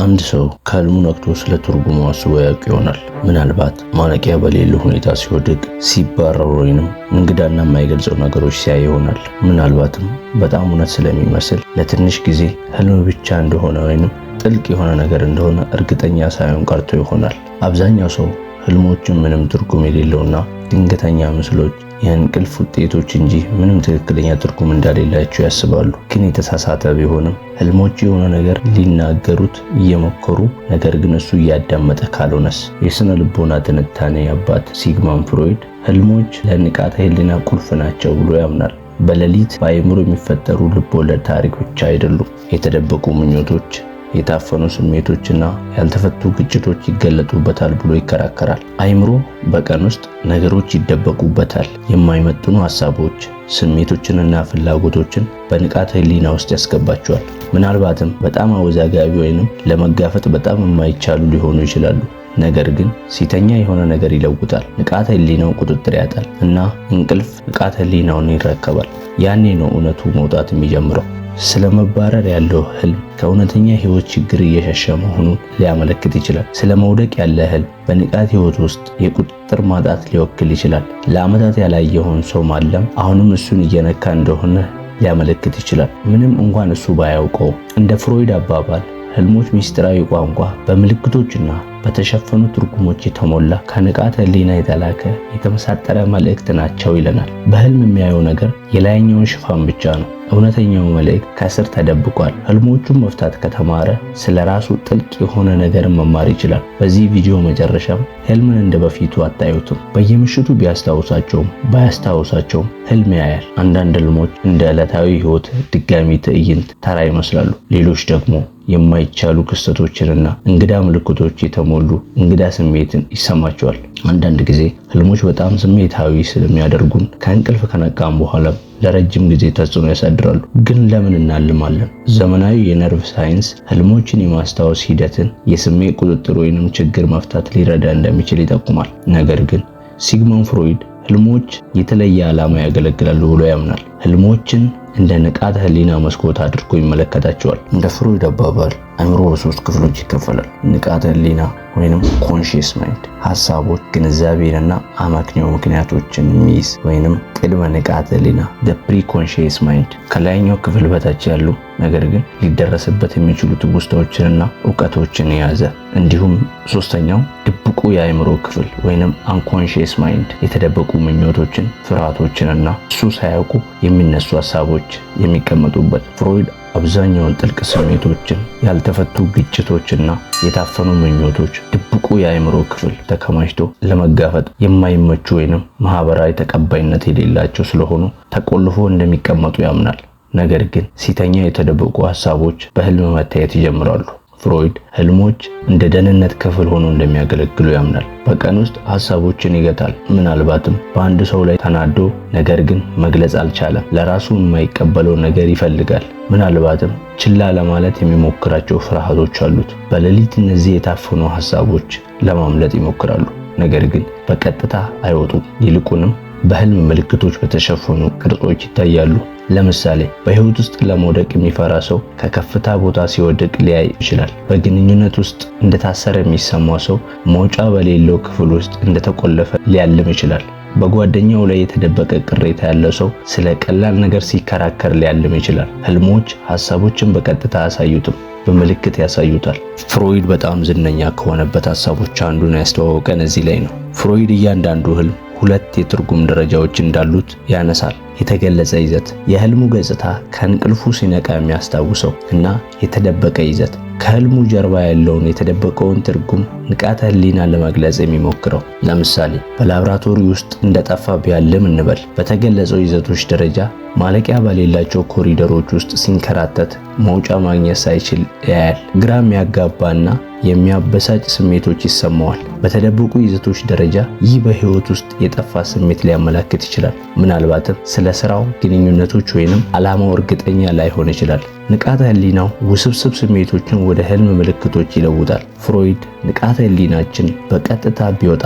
አንድ ሰው ከህልሙ ነቅቶ ስለ ትርጉሙ አስቦ ያውቅ ይሆናል። ምናልባት ማነቂያ በሌለ ሁኔታ ሲወድቅ፣ ሲባረር ወይንም እንግዳና የማይገልጸው ነገሮች ሲያይ ይሆናል። ምናልባትም በጣም እውነት ስለሚመስል ለትንሽ ጊዜ ህልም ብቻ እንደሆነ ወይንም ጥልቅ የሆነ ነገር እንደሆነ እርግጠኛ ሳይሆን ቀርቶ ይሆናል። አብዛኛው ሰው ህልሞችን ምንም ትርጉም የሌለውና ድንገተኛ ምስሎች የእንቅልፍ ውጤቶች እንጂ ምንም ትክክለኛ ትርጉም እንደሌላቸው ያስባሉ። ግን የተሳሳተ ቢሆንም ህልሞች የሆነ ነገር ሊናገሩት እየሞከሩ ነገር ግን እሱ እያዳመጠ ካልሆነስ? የስነ ልቦና ትንታኔ አባት ሲግማን ፍሮይድ ህልሞች ለንቃተ ህሊና ቁልፍ ናቸው ብሎ ያምናል። በሌሊት በአይምሮ የሚፈጠሩ ልቦለድ ታሪኮች አይደሉም፣ የተደበቁ ምኞቶች የታፈኑ ስሜቶችና ያልተፈቱ ግጭቶች ይገለጡበታል ብሎ ይከራከራል። አይምሮ በቀን ውስጥ ነገሮች ይደበቁበታል። የማይመጥኑ ሀሳቦች፣ ስሜቶችንና ፍላጎቶችን በንቃተ ህሊና ውስጥ ያስገባቸዋል። ምናልባትም በጣም አወዛጋቢ ወይንም ለመጋፈጥ በጣም የማይቻሉ ሊሆኑ ይችላሉ። ነገር ግን ሲተኛ የሆነ ነገር ይለውጣል። ንቃተ ህሊናው ቁጥጥር ያጣል እና እንቅልፍ ንቃተ ህሊናውን ይረከባል። ያኔ ነው እውነቱ መውጣት የሚጀምረው። ስለ መባረር ያለው ህልም ከእውነተኛ ህይወት ችግር እየሸሸ መሆኑን ሊያመለክት ይችላል። ስለ መውደቅ ያለ ህልም በንቃት ህይወት ውስጥ የቁጥጥር ማጣት ሊወክል ይችላል። ለዓመታት ያላየውን ሰው ማለም አሁንም እሱን እየነካ እንደሆነ ሊያመለክት ይችላል። ምንም እንኳን እሱ ባያውቀው። እንደ ፍሮይድ አባባል ህልሞች ሚስጢራዊ ቋንቋ፣ በምልክቶችና በተሸፈኑ ትርጉሞች የተሞላ ከንቃተ ህሊና የተላከ የተመሳጠረ መልእክት ናቸው ይለናል። በህልም የሚያየው ነገር የላይኛውን ሽፋን ብቻ ነው። እውነተኛው መልእክት ከስር ተደብቋል። ህልሞቹን መፍታት ከተማረ ስለ ራሱ ጥልቅ የሆነ ነገር መማር ይችላል። በዚህ ቪዲዮ መጨረሻም ህልምን እንደ በፊቱ አታዩትም። በየምሽቱ ቢያስታውሳቸውም ባያስታውሳቸውም ህልም ያያል። አንዳንድ ህልሞች እንደ ዕለታዊ ህይወት ድጋሚ ትዕይንት ተራ ይመስላሉ። ሌሎች ደግሞ የማይቻሉ ክስተቶችንና እንግዳ ምልክቶች የተሞሉ እንግዳ ስሜትን ይሰማቸዋል። አንዳንድ ጊዜ ህልሞች በጣም ስሜታዊ ስለሚያደርጉን ከእንቅልፍ ከነቃም በኋላም ለረጅም ጊዜ ተጽዕኖ ያሳድራሉ። ግን ለምን እናልማለን? ዘመናዊ የነርቭ ሳይንስ ህልሞችን የማስታወስ ሂደትን፣ የስሜት ቁጥጥር ወይንም ችግር መፍታት ሊረዳ እንደሚችል ይጠቁማል። ነገር ግን ሲግመንድ ፍሮይድ ህልሞች የተለየ ዓላማ ያገለግላሉ ብሎ ያምናል። ህልሞችን እንደ ንቃተ ህሊና መስኮት አድርጎ ይመለከታቸዋል። እንደ ፍሮይድ አባባል አእምሮ በሶስት ክፍሎች ይከፈላል። ንቃተ ህሊና ወይንም ኮንሽስ ማይንድ ሀሳቦች፣ ግንዛቤንና አመክንዮ ምክንያቶችን የሚይዝ ወይንም ቅድመ ንቃተ ህሊና ፕሪ ኮንሽስ ማይንድ ከላይኛው ክፍል በታች ያሉ ነገር ግን ሊደረስበት የሚችሉ ትውስታዎችንና እውቀቶችን የያዘ እንዲሁም ሶስተኛው ድብቁ የአእምሮ ክፍል ወይንም አንኮንሽስ ማይንድ የተደበቁ ምኞቶችን፣ ፍርሃቶችንና እሱ ሳያውቁ የሚነሱ ሀሳቦች ሰዎች የሚቀመጡበት ፍሮይድ አብዛኛውን ጥልቅ ስሜቶችን፣ ያልተፈቱ ግጭቶችና የታፈኑ ምኞቶች ድብቁ የአእምሮ ክፍል ተከማችቶ ለመጋፈጥ የማይመቹ ወይንም ማህበራዊ ተቀባይነት የሌላቸው ስለሆኑ ተቆልፎ እንደሚቀመጡ ያምናል። ነገር ግን ሲተኛ የተደበቁ ሀሳቦች በህልም መታየት ይጀምራሉ። ፍሮይድ ህልሞች እንደ ደህንነት ክፍል ሆኖ እንደሚያገለግሉ ያምናል። በቀን ውስጥ ሀሳቦችን ይገታል። ምናልባትም በአንድ ሰው ላይ ተናዶ ነገር ግን መግለጽ አልቻለም። ለራሱ የማይቀበለው ነገር ይፈልጋል። ምናልባትም ችላ ለማለት የሚሞክራቸው ፍርሃቶች አሉት። በሌሊት እነዚህ የታፈኑ ሀሳቦች ለማምለጥ ይሞክራሉ፣ ነገር ግን በቀጥታ አይወጡም። ይልቁንም በህልም ምልክቶች በተሸፈኑ ቅርጾች ይታያሉ። ለምሳሌ በህይወት ውስጥ ለመውደቅ የሚፈራ ሰው ከከፍታ ቦታ ሲወድቅ ሊያይ ይችላል። በግንኙነት ውስጥ እንደታሰረ የሚሰማው ሰው መውጫ በሌለው ክፍል ውስጥ እንደተቆለፈ ሊያልም ይችላል። በጓደኛው ላይ የተደበቀ ቅሬታ ያለው ሰው ስለ ቀላል ነገር ሲከራከር ሊያልም ይችላል። ህልሞች ሀሳቦችን በቀጥታ አያሳዩትም፣ በምልክት ያሳዩታል። ፍሮይድ በጣም ዝነኛ ከሆነበት ሀሳቦች አንዱን ያስተዋወቀን እዚህ ላይ ነው። ፍሮይድ እያንዳንዱ ህልም ሁለት የትርጉም ደረጃዎች እንዳሉት ያነሳል። የተገለጸ ይዘት፣ የህልሙ ገጽታ ከእንቅልፉ ሲነቃ የሚያስታውሰው እና የተደበቀ ይዘት፣ ከህልሙ ጀርባ ያለውን የተደበቀውን ትርጉም ንቃተ ህሊና ለመግለጽ የሚሞክረው። ለምሳሌ በላብራቶሪ ውስጥ እንደጠፋ ቢያልም እንበል። በተገለጸው ይዘቶች ደረጃ ማለቂያ በሌላቸው ኮሪደሮች ውስጥ ሲንከራተት መውጫ ማግኘት ሳይችል ያያል። ግራ የሚያጋባና የሚያበሳጭ ስሜቶች ይሰማዋል። በተደበቁ ይዘቶች ደረጃ ይህ በህይወት ውስጥ የጠፋ ስሜት ሊያመላክት ይችላል። ምናልባትም ስለ ለስራው ግንኙነቶች ወይንም አላማው እርግጠኛ ላይሆን ይችላል። ንቃተ ህሊናው ውስብስብ ስሜቶችን ወደ ህልም ምልክቶች ይለውጣል። ፍሮይድ ንቃተ ህሊናችን በቀጥታ ቢወጣ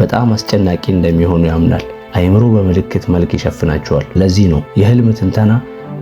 በጣም አስጨናቂ እንደሚሆኑ ያምናል። አይምሮ በምልክት መልክ ይሸፍናቸዋል። ለዚህ ነው የህልም ትንተና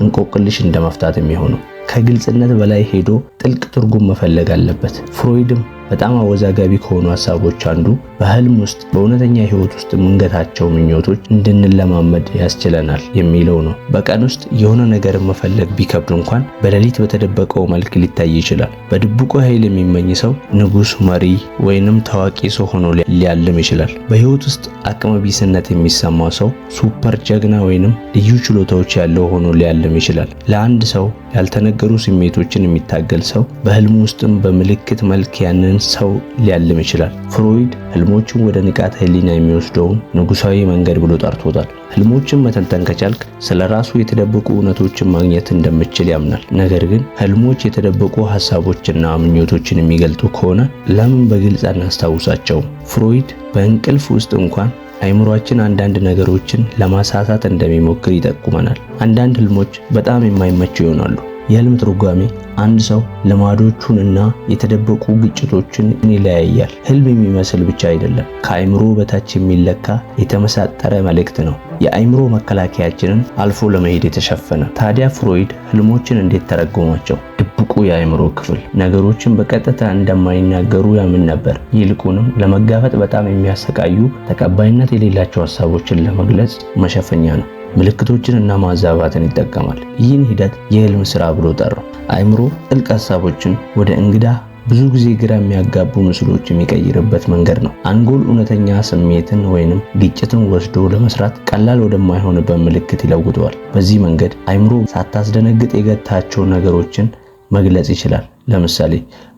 እንቆቅልሽ እንደመፍታት የሚሆነው። ከግልጽነት በላይ ሄዶ ጥልቅ ትርጉም መፈለግ አለበት። ፍሮይድም በጣም አወዛጋቢ ከሆኑ ሀሳቦች አንዱ በህልም ውስጥ በእውነተኛ ህይወት ውስጥ የምንገታቸው ምኞቶች እንድንለማመድ ያስችለናል የሚለው ነው። በቀን ውስጥ የሆነ ነገር መፈለግ ቢከብድ እንኳን በሌሊት በተደበቀው መልክ ሊታይ ይችላል። በድብቁ ኃይል የሚመኝ ሰው ንጉስ፣ መሪ ወይንም ታዋቂ ሰው ሆኖ ሊያልም ይችላል። በህይወት ውስጥ አቅመ ቢስነት የሚሰማው ሰው ሱፐር ጀግና ወይንም ልዩ ችሎታዎች ያለው ሆኖ ሊያልም ይችላል። ለአንድ ሰው ያልተነገሩ ስሜቶችን የሚታገል ሰው በህልሙ ውስጥም በምልክት መልክ ያንን ሰው ሊያልም ይችላል። ፍሮይድ ህልሞችን ወደ ንቃተ ህሊና የሚወስደውን ንጉሳዊ መንገድ ብሎ ጠርቶታል። ህልሞችን መተንተን ከቻልክ ስለ ራሱ የተደበቁ እውነቶችን ማግኘት እንደምችል ያምናል። ነገር ግን ህልሞች የተደበቁ ሀሳቦችና ምኞቶችን የሚገልጡ ከሆነ ለምን በግልጽ አናስታውሳቸውም? ፍሮይድ በእንቅልፍ ውስጥ እንኳን አይምሯችን አንዳንድ ነገሮችን ለማሳሳት እንደሚሞክር ይጠቁመናል። አንዳንድ ህልሞች በጣም የማይመቹ ይሆናሉ። የህልም ትርጓሜ አንድ ሰው ልማዶቹንና የተደበቁ ግጭቶችን ይለያያል። ህልም የሚመስል ብቻ አይደለም፣ ከአእምሮ በታች የሚለካ የተመሳጠረ መልእክት ነው። የአእምሮ መከላከያችንን አልፎ ለመሄድ የተሸፈነ። ታዲያ ፍሮይድ ህልሞችን እንዴት ተረጎማቸው? ድብቁ የአእምሮ ክፍል ነገሮችን በቀጥታ እንደማይናገሩ ያምን ነበር። ይልቁንም ለመጋፈጥ በጣም የሚያሰቃዩ ተቀባይነት የሌላቸው ሀሳቦችን ለመግለጽ መሸፈኛ ነው። ምልክቶችን እና ማዛባትን ይጠቀማል። ይህን ሂደት የህልም ስራ ብሎ ጠራው። አይምሮ ጥልቅ ሀሳቦችን ወደ እንግዳ ብዙ ጊዜ ግራ የሚያጋቡ ምስሎች የሚቀይርበት መንገድ ነው። አንጎል እውነተኛ ስሜትን ወይንም ግጭትን ወስዶ ለመስራት ቀላል ወደማይሆንበት ምልክት ይለውጠዋል። በዚህ መንገድ አይምሮ ሳታስደነግጥ የገታቸው ነገሮችን መግለጽ ይችላል። ለምሳሌ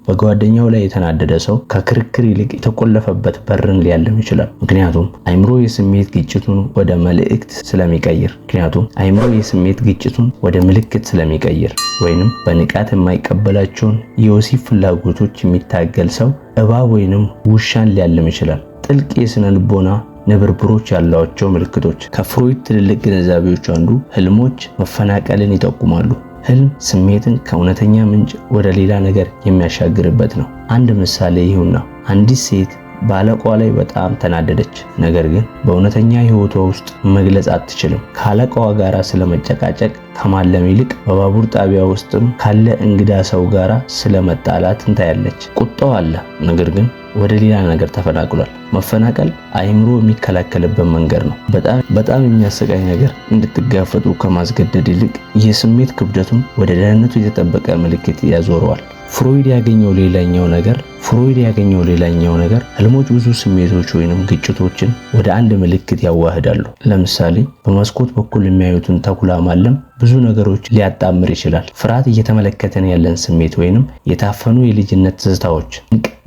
በጓደኛው ላይ የተናደደ ሰው ከክርክር ይልቅ የተቆለፈበት በርን ሊያልም ይችላል። ምክንያቱም አይምሮ የስሜት ግጭቱን ወደ መልእክት ስለሚቀይር ምክንያቱም አይምሮ የስሜት ግጭቱን ወደ ምልክት ስለሚቀይር ወይንም በንቃት የማይቀበላቸውን የወሲብ ፍላጎቶች የሚታገል ሰው እባብ ወይንም ውሻን ሊያልም ይችላል። ጥልቅ የስነ ልቦና ንብርብሮች ያሏቸው ምልክቶች ከፍሮይድ ትልልቅ ግንዛቤዎች አንዱ ህልሞች መፈናቀልን ይጠቁማሉ። ህልም ስሜትን ከእውነተኛ ምንጭ ወደ ሌላ ነገር የሚያሻግርበት ነው። አንድ ምሳሌ ይሁና። አንዲት ሴት በአለቋ ላይ በጣም ተናደደች። ነገር ግን በእውነተኛ ህይወቷ ውስጥ መግለጽ አትችልም። ከአለቃዋ ጋር ስለመጨቃጨቅ ከማለም ይልቅ በባቡር ጣቢያ ውስጥም ካለ እንግዳ ሰው ጋራ ስለመጣላት እንታያለች። ቁጣው አለ፣ ነገር ግን ወደ ሌላ ነገር ተፈናቅሏል። መፈናቀል አይምሮ የሚከላከልበት መንገድ ነው። በጣም በጣም ነገር እንድትጋፈጡ ከማስገደድ ይልቅ የስሜት ክብደቱን ወደ ደህንነቱ የተጠበቀ ምልክት ያዞረዋል። ፍሮይድ ያገኘው ሌላኛው ነገር ፍሮይድ ያገኘው ሌላኛው ነገር ህልሞች ብዙ ስሜቶች ወይንም ግጭቶችን ወደ አንድ ምልክት ያዋህዳሉ። ለምሳሌ በመስኮት በኩል የሚያዩትን ተኩላ ማለም ብዙ ነገሮች ሊያጣምር ይችላል። ፍርሃት እየተመለከተን ያለን ስሜት ወይንም የታፈኑ የልጅነት ትዝታዎች፣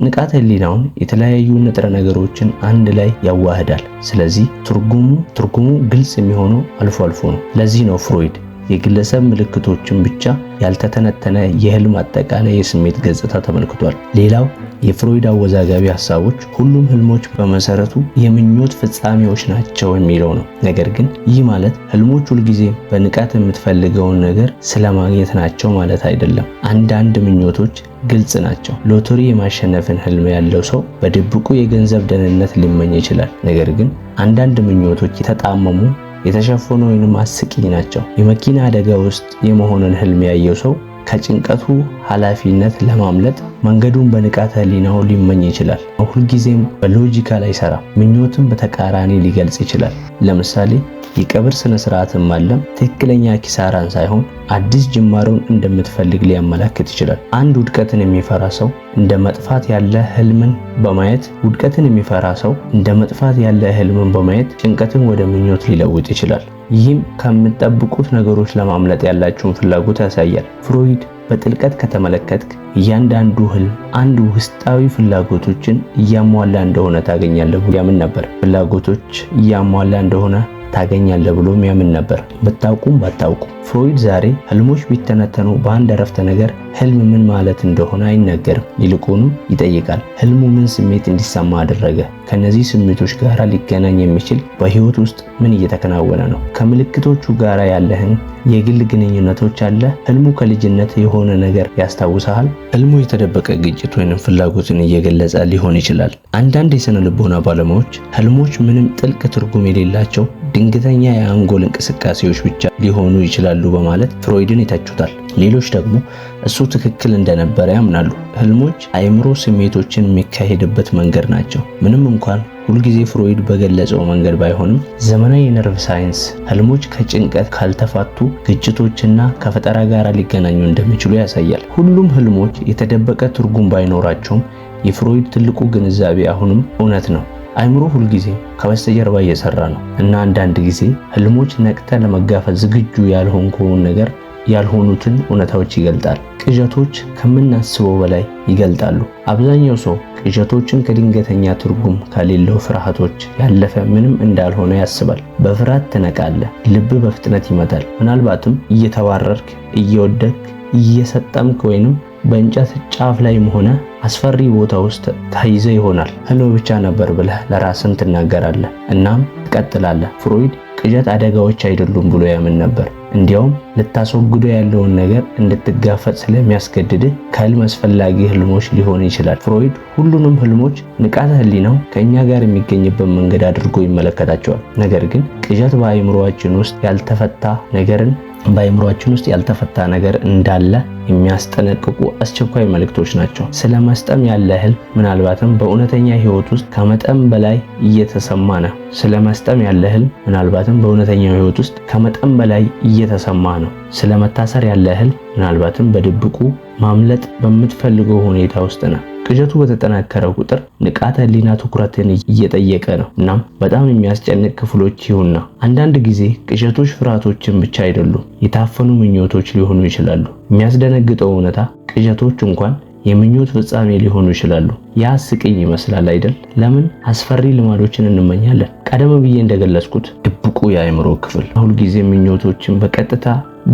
ንቃተ ህሊናውን የተለያዩ ንጥረ ነገሮችን አንድ ላይ ያዋህዳል። ስለዚህ ትርጉሙ ትርጉሙ ግልጽ የሚሆነው አልፎ አልፎ ነው። ለዚህ ነው ፍሮይድ የግለሰብ ምልክቶችን ብቻ ያልተተነተነ የህልም አጠቃላይ የስሜት ገጽታ ተመልክቷል። ሌላው የፍሮይድ አወዛጋቢ ሀሳቦች ሁሉም ህልሞች በመሰረቱ የምኞት ፍጻሜዎች ናቸው የሚለው ነው። ነገር ግን ይህ ማለት ህልሞች ሁልጊዜ በንቃት የምትፈልገውን ነገር ስለማግኘት ናቸው ማለት አይደለም። አንዳንድ ምኞቶች ግልጽ ናቸው። ሎተሪ የማሸነፍን ህልም ያለው ሰው በድብቁ የገንዘብ ደህንነት ሊመኝ ይችላል። ነገር ግን አንዳንድ ምኞቶች የተጣመሙ የተሸፈኑ ወይንም አስቂኝ ናቸው። የመኪና አደጋ ውስጥ የመሆንን ህልም ያየው ሰው ከጭንቀቱ ኃላፊነት ለማምለጥ መንገዱን በንቃተ ህሊናው ሊመኝ ይችላል። ሁልጊዜም በሎጂካል አይሰራም። ምኞትን በተቃራኒ ሊገልጽ ይችላል። ለምሳሌ የቀብር ስነ ስርዓትን ማለም ትክክለኛ ኪሳራን ሳይሆን አዲስ ጅማሬውን እንደምትፈልግ ሊያመላክት ይችላል። አንድ ውድቀትን የሚፈራ ሰው እንደ መጥፋት ያለ ህልምን በማየት ውድቀትን የሚፈራ ሰው እንደ መጥፋት ያለ ህልምን በማየት ጭንቀትን ወደ ምኞት ሊለውጥ ይችላል። ይህም ከምትጠብቁት ነገሮች ለማምለጥ ያላችሁን ፍላጎት ያሳያል። ፍሮይድ በጥልቀት ከተመለከትክ እያንዳንዱ ህልም አንድ ውስጣዊ ፍላጎቶችን እያሟላ እንደሆነ ታገኛለህ ያምን ነበር። ፍላጎቶች እያሟላ እንደሆነ ታገኛለህ ብሎ ያምን ነበር። ብታውቁም ባታውቁም ፍሮይድ ዛሬ ህልሞች ቢተነተኑ በአንድ አረፍተ ነገር ህልም ምን ማለት እንደሆነ አይነገርም፣ ይልቁንም ይጠይቃል። ህልሙ ምን ስሜት እንዲሰማ አደረገ? ከነዚህ ስሜቶች ጋር ሊገናኝ የሚችል በህይወት ውስጥ ምን እየተከናወነ ነው? ከምልክቶቹ ጋር ያለህን የግል ግንኙነቶች አለ። ህልሙ ከልጅነት የሆነ ነገር ያስታውሰሃል። ህልሙ የተደበቀ ግጭት ወይንም ፍላጎትን እየገለጸ ሊሆን ይችላል። አንዳንድ የስነ ልቦና ባለሙያዎች ህልሞች ምንም ጥልቅ ትርጉም የሌላቸው ድንገተኛ የአንጎል እንቅስቃሴዎች ብቻ ሊሆኑ ይችላሉ በማለት ፍሮይድን ይተቹታል። ሌሎች ደግሞ እሱ ትክክል እንደነበረ ያምናሉ። ህልሞች አእምሮ ስሜቶችን የሚካሄድበት መንገድ ናቸው። ምንም እንኳን ሁልጊዜ ፍሮይድ በገለጸው መንገድ ባይሆንም ዘመናዊ የነርቭ ሳይንስ ህልሞች ከጭንቀት ካልተፋቱ ግጭቶችና ከፈጠራ ጋር ሊገናኙ እንደሚችሉ ያሳያል። ሁሉም ህልሞች የተደበቀ ትርጉም ባይኖራቸውም የፍሮይድ ትልቁ ግንዛቤ አሁንም እውነት ነው። አይምሮ ሁልጊዜ ከበስተጀርባ እየሰራ ነው እና አንዳንድ ጊዜ ህልሞች ነቅተ ለመጋፈጥ ዝግጁ ያልሆንከውን ነገር ያልሆኑትን እውነታዎች ይገልጣል። ቅዠቶች ከምናስበው በላይ ይገልጣሉ። አብዛኛው ሰው ቅዠቶችን ከድንገተኛ ትርጉም ከሌለው ፍርሃቶች ያለፈ ምንም እንዳልሆነ ያስባል። በፍርሃት ትነቃለህ፣ ልብ በፍጥነት ይመታል። ምናልባትም እየተባረርክ፣ እየወደክ፣ እየሰጠምክ ወይንም በእንጨት ጫፍ ላይ መሆነ አስፈሪ ቦታ ውስጥ ተይዘ ይሆናል ህልም ብቻ ነበር ብለህ ለራስን ትናገራለህ፣ እናም ትቀጥላለህ። ፍሮይድ ቅዠት አደጋዎች አይደሉም ብሎ ያምን ነበር። እንዲያውም ልታስወግዶ ያለውን ነገር እንድትጋፈጥ ስለሚያስገድድህ ከህልም አስፈላጊ ህልሞች ሊሆን ይችላል። ፍሮይድ ሁሉንም ህልሞች ንቃተ ህሊናው ከእኛ ጋር የሚገኝበት መንገድ አድርጎ ይመለከታቸዋል። ነገር ግን ቅዠት በአእምሮአችን ውስጥ ያልተፈታ ነገርን በአእምሮአችን ውስጥ ያልተፈታ ነገር እንዳለ የሚያስጠነቅቁ አስቸኳይ መልእክቶች ናቸው። ስለ መስጠም ያለ ህልም ምናልባትም በእውነተኛ ህይወት ውስጥ ከመጠን በላይ እየተሰማ ነው። ስለ መስጠም ያለ ህልም ምናልባትም በእውነተኛ ህይወት ውስጥ ከመጠን በላይ እየተሰማ ነው። ስለ መታሰር ያለ ህልም ምናልባትም በድብቁ ማምለጥ በምትፈልገው ሁኔታ ውስጥ ነው። ቅዠቱ በተጠናከረ ቁጥር ንቃተ ህሊና ትኩረትን እየጠየቀ ነው። እናም በጣም የሚያስጨንቅ ክፍሎች ይሁና። አንዳንድ ጊዜ ቅዠቶች ፍርሃቶችን ብቻ አይደሉም፣ የታፈኑ ምኞቶች ሊሆኑ ይችላሉ። የሚያስደነግጠው እውነታ ቅዠቶች እንኳን የምኞት ፍጻሜ ሊሆኑ ይችላሉ። ያ አስቂኝ ይመስላል አይደል? ለምን አስፈሪ ልማዶችን እንመኛለን? ቀደም ብዬ እንደገለጽኩት ድብቁ የአእምሮ ክፍል ሁልጊዜ ምኞቶችን በቀጥታ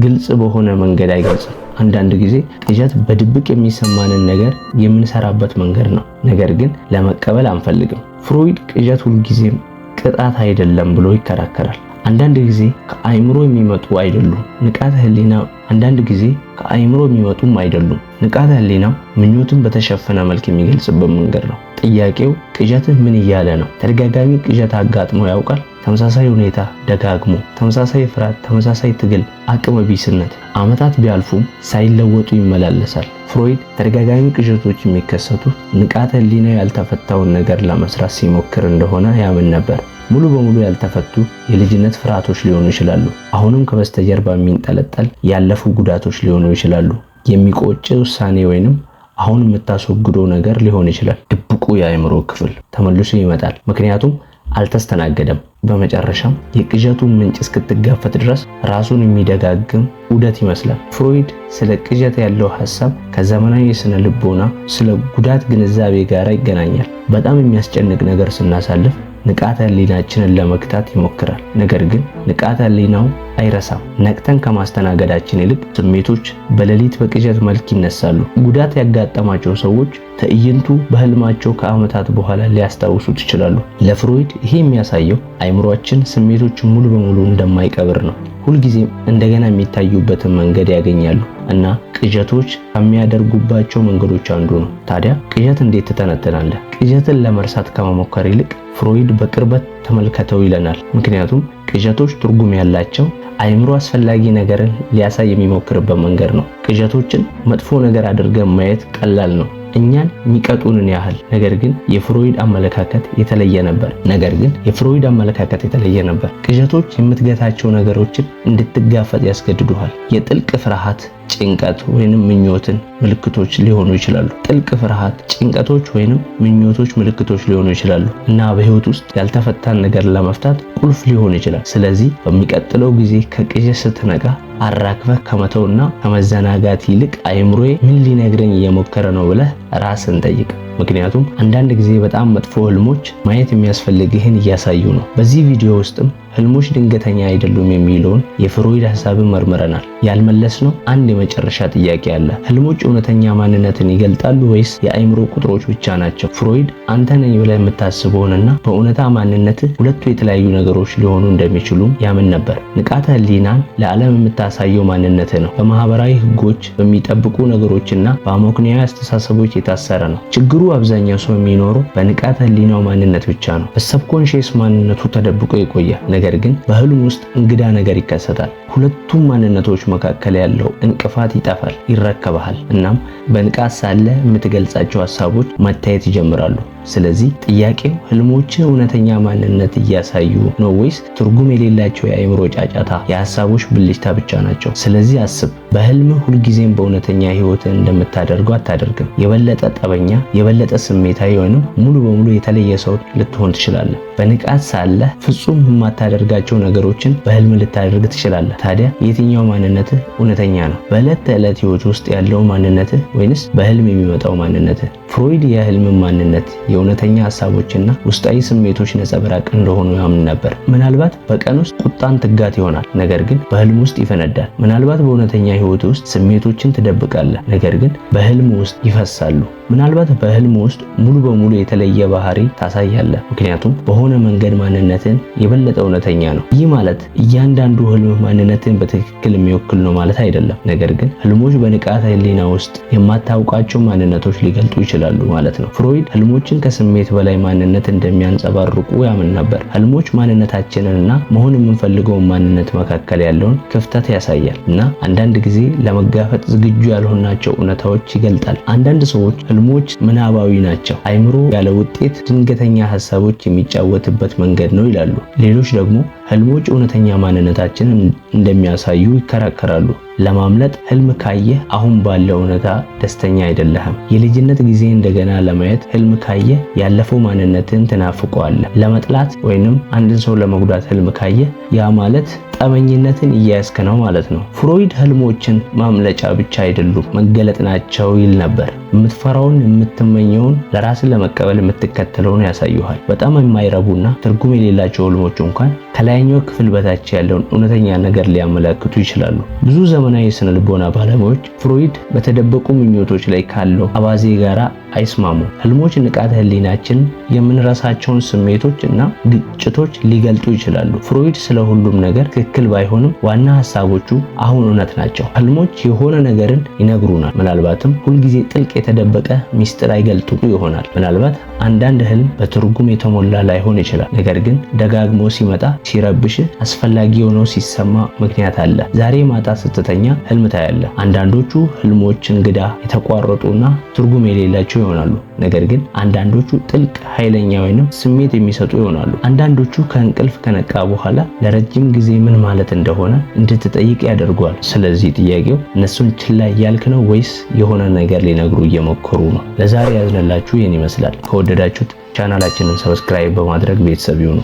ግልጽ በሆነ መንገድ አይገልጽም። አንዳንድ ጊዜ ቅዠት በድብቅ የሚሰማንን ነገር የምንሰራበት መንገድ ነው፣ ነገር ግን ለመቀበል አንፈልግም። ፍሮይድ ቅዠት ሁልጊዜም ቅጣት አይደለም ብሎ ይከራከራል። አንዳንድ ጊዜ ከአይምሮ የሚመጡ አይደሉም። ንቃተ ህሊና አንዳንድ ጊዜ ከአይምሮ የሚመጡም አይደሉም። ንቃተ ህሊና ምኞትን በተሸፈነ መልክ የሚገልጽበት መንገድ ነው። ጥያቄው ቅዠትህ ምን እያለ ነው? ተደጋጋሚ ቅዠት አጋጥሞ ያውቃል? ተመሳሳይ ሁኔታ ደጋግሞ፣ ተመሳሳይ ፍርሃት፣ ተመሳሳይ ትግል፣ አቅመ ቢስነት ዓመታት ቢያልፉም ሳይለወጡ ይመላለሳል። ፍሮይድ ተደጋጋሚ ቅዠቶች የሚከሰቱት ንቃተ ህሊና ያልተፈታውን ነገር ለመስራት ሲሞክር እንደሆነ ያምን ነበር። ሙሉ በሙሉ ያልተፈቱ የልጅነት ፍርሃቶች ሊሆኑ ይችላሉ። አሁንም ከበስተጀርባ የሚንጠለጠል ያለፉ ጉዳቶች ሊሆኑ ይችላሉ። የሚቆጭ ውሳኔ ወይንም አሁን የምታስወግደው ነገር ሊሆን ይችላል። ድብቁ የአእምሮ ክፍል ተመልሶ ይመጣል። ምክንያቱም አልተስተናገደም። በመጨረሻም የቅዠቱ ምንጭ እስክትጋፈት ድረስ ራሱን የሚደጋግም ዑደት ይመስላል። ፍሮይድ ስለ ቅዠት ያለው ሀሳብ ከዘመናዊ የሥነ ልቦና ስለ ጉዳት ግንዛቤ ጋር ይገናኛል። በጣም የሚያስጨንቅ ነገር ስናሳልፍ ንቃተ ህሊናችንን ለመግታት ይሞክራል። ነገር ግን ንቃተ ህሊናው አይረሳም። ነቅተን ከማስተናገዳችን ይልቅ ስሜቶች በሌሊት በቅዠት መልክ ይነሳሉ። ጉዳት ያጋጠማቸው ሰዎች ትዕይንቱ በህልማቸው ከዓመታት በኋላ ሊያስታውሱት ይችላሉ። ለፍሮይድ ይሄ የሚያሳየው አይምሯችን ስሜቶችን ሙሉ በሙሉ እንደማይቀብር ነው። ሁልጊዜም እንደገና የሚታዩበትን መንገድ ያገኛሉ እና ቅዠቶች ከሚያደርጉባቸው መንገዶች አንዱ ነው። ታዲያ ቅዠት እንዴት ትተነትናለህ? ቅዠትን ለመርሳት ከመሞከር ይልቅ ፍሮይድ በቅርበት ተመልከተው ይለናል። ምክንያቱም ቅዠቶች ትርጉም ያላቸው አይምሮ አስፈላጊ ነገርን ሊያሳይ የሚሞክርበት መንገድ ነው። ቅዠቶችን መጥፎ ነገር አድርገን ማየት ቀላል ነው እኛን የሚቀጡንን ያህል ነገር ግን የፍሮይድ አመለካከት የተለየ ነበር። ነገር ግን የፍሮይድ አመለካከት የተለየ ነበር። ቅዠቶች የምትገታቸው ነገሮችን እንድትጋፈጥ ያስገድዱሃል። የጥልቅ ፍርሃት ጭንቀት ወይንም ምኞትን ምልክቶች ሊሆኑ ይችላሉ። ጥልቅ ፍርሃት ጭንቀቶች ወይንም ምኞቶች ምልክቶች ሊሆኑ ይችላሉ እና በህይወት ውስጥ ያልተፈታን ነገር ለመፍታት ቁልፍ ሊሆን ይችላል። ስለዚህ በሚቀጥለው ጊዜ ከቅዠት ስትነቃ አራክፈህ ከመተውና ከመዘናጋት ይልቅ አይምሮዬ ምን ሊነግረኝ እየሞከረ ነው ብለህ ራስን ጠይቅ። ምክንያቱም አንዳንድ ጊዜ በጣም መጥፎ ህልሞች ማየት የሚያስፈልግህን እያሳዩ ነው። በዚህ ቪዲዮ ውስጥም ህልሞች ድንገተኛ አይደሉም የሚለውን የፍሮይድ ሀሳብን መርምረናል። ያልመለስነው አንድ የመጨረሻ ጥያቄ አለ። ህልሞች እውነተኛ ማንነትን ይገልጣሉ ወይስ የአእምሮ ቁጥሮች ብቻ ናቸው? ፍሮይድ አንተ ነኝ ብለህ የምታስበውንና በእውነታ ማንነትህ ሁለቱ የተለያዩ ነገሮች ሊሆኑ እንደሚችሉም ያምን ነበር። ንቃተ ህሊናን ለዓለም የምታሳየው ማንነትህ ነው። በማህበራዊ ህጎች፣ በሚጠብቁ ነገሮችና በአመክንዮአዊ አስተሳሰቦች የታሰረ ነው። ችግሩ አብዛኛው ሰው የሚኖሩ በንቃተ ህሊናው ማንነት ብቻ ነው። በሰብኮንሽየስ ማንነቱ ተደብቆ ይቆያል። ነገር ግን በህልም ውስጥ እንግዳ ነገር ይከሰታል። ሁለቱም ማንነቶች መካከል ያለው እንቅፋት ይጠፋል፣ ይረከባል። እናም በንቃት ሳለ የምትገልጻቸው ሀሳቦች መታየት ይጀምራሉ። ስለዚህ ጥያቄው ህልሞች እውነተኛ ማንነት እያሳዩ ነው ወይስ ትርጉም የሌላቸው የአእምሮ ጫጫታ፣ የሀሳቦች ብልጭታ ብቻ ናቸው? ስለዚህ አስብ። በህልም ሁልጊዜም በእውነተኛ ህይወት እንደምታደርገው አታደርግም። የበለጠ ጠበኛ፣ የበለጠ ስሜታዊ ወይም ሙሉ በሙሉ የተለየ ሰው ልትሆን ትችላለህ። በንቃት ሳለ ፍጹም የማታደርጋቸው ነገሮችን በህልም ልታደርግ ትችላለህ። ታዲያ የትኛው ማንነትህ እውነተኛ ነው? በዕለት ተዕለት ህይወት ውስጥ ያለው ማንነትህ ወይንስ በህልም የሚመጣው ማንነትህ? ፍሮይድ የህልም ማንነት የእውነተኛ ሀሳቦችና ውስጣዊ ስሜቶች ነጸብራቅ እንደሆኑ ያምን ነበር። ምናልባት በቀን ውስጥ ቁጣን ትጋት ይሆናል፣ ነገር ግን በህልም ውስጥ ይፈነዳል። ምናልባት በእውነተኛ ህይወት ውስጥ ስሜቶችን ትደብቃለህ፣ ነገር ግን በህልም ውስጥ ይፈሳሉ። ምናልባት በህልም ውስጥ ሙሉ በሙሉ የተለየ ባህሪ ታሳያለ ምክንያቱም በሆነ መንገድ ማንነትን የበለጠ እውነተኛ ነው። ይህ ማለት እያንዳንዱ ህልም ማንነትን በትክክል የሚወክል ነው ማለት አይደለም፣ ነገር ግን ህልሞች በንቃተ ህሊና ውስጥ የማታውቃቸው ማንነቶች ሊገልጡ ይችላሉ ማለት ነው። ፍሮይድ ህልሞችን ከስሜት በላይ ማንነት እንደሚያንጸባርቁ ያምን ነበር። ህልሞች ማንነታችንንና መሆን የምንፈልገውን ማንነት መካከል ያለውን ክፍተት ያሳያል እና አንዳንድ ጊዜ ለመጋፈጥ ዝግጁ ያልሆናቸው እውነታዎች ይገልጣል። አንዳንድ ሰዎች ህልሞች ምናባዊ ናቸው፣ አይምሮ ያለ ውጤት ድንገተኛ ሀሳቦች የሚጫወትበት መንገድ ነው ይላሉ። ሌሎች ደግሞ ህልሞች እውነተኛ ማንነታችንን እንደሚያሳዩ ይከራከራሉ። ለማምለጥ ህልም ካየህ አሁን ባለው እውነታ ደስተኛ አይደለህም። የልጅነት ጊዜ እንደገና ለማየት ህልም ካየህ ያለፈው ማንነትን ትናፍቀዋለህ። ለመጥላት ወይንም አንድን ሰው ለመጉዳት ህልም ካየህ ያ ማለት ጠመኝነትን እያያዝክ ነው ማለት ነው። ፍሮይድ ህልሞችን ማምለጫ ብቻ አይደሉም መገለጥ ናቸው ይል ነበር። የምትፈራውን የምትመኘውን ለራስን ለመቀበል የምትከተለውን ያሳዩሃል። በጣም የማይረቡና ትርጉም የሌላቸው ህልሞች እንኳን ከላይኛው ክፍል በታች ያለውን እውነተኛ ነገር ሊያመለክቱ ይችላሉ። ብዙ ዘመናዊ የስነ ልቦና ባለሙያዎች ፍሮይድ በተደበቁ ምኞቶች ላይ ካለው አባዜ ጋር አይስማሙ። ህልሞች ንቃተ ህሊናችን የምንረሳቸውን ስሜቶች እና ግጭቶች ሊገልጡ ይችላሉ። ፍሮይድ ስለ ሁሉም ነገር ትክክል ባይሆንም ዋና ሀሳቦቹ አሁን እውነት ናቸው። ህልሞች የሆነ ነገርን ይነግሩናል፣ ምናልባትም ሁልጊዜ ጥልቅ የተደበቀ ሚስጥር አይገልጡ ይሆናል። ምናልባት አንዳንድ ህልም በትርጉም የተሞላ ላይሆን ይችላል። ነገር ግን ደጋግሞ ሲመጣ ሲረብሽ፣ አስፈላጊ ሆኖ ሲሰማ ምክንያት አለ። ዛሬ ማታ ስትተኛ ህልም ታያለ። አንዳንዶቹ ህልሞች እንግዳ የተቋረጡና ትርጉም የሌላቸው ይሆናሉ። ነገር ግን አንዳንዶቹ ጥልቅ ኃይለኛ ወይንም ስሜት የሚሰጡ ይሆናሉ። አንዳንዶቹ ከእንቅልፍ ከነቃ በኋላ ለረጅም ጊዜ ምን ማለት እንደሆነ እንድትጠይቅ ያደርገዋል። ስለዚህ ጥያቄው እነሱን ችላ እያልክ ነው ወይስ የሆነ ነገር ሊነግሩ እየሞከሩ ነው? ለዛሬ ያዝነላችሁ ይህን ይመስላል። ከወደዳችሁት ቻናላችንን ሰብስክራይብ በማድረግ ቤተሰብ ይሁኑ።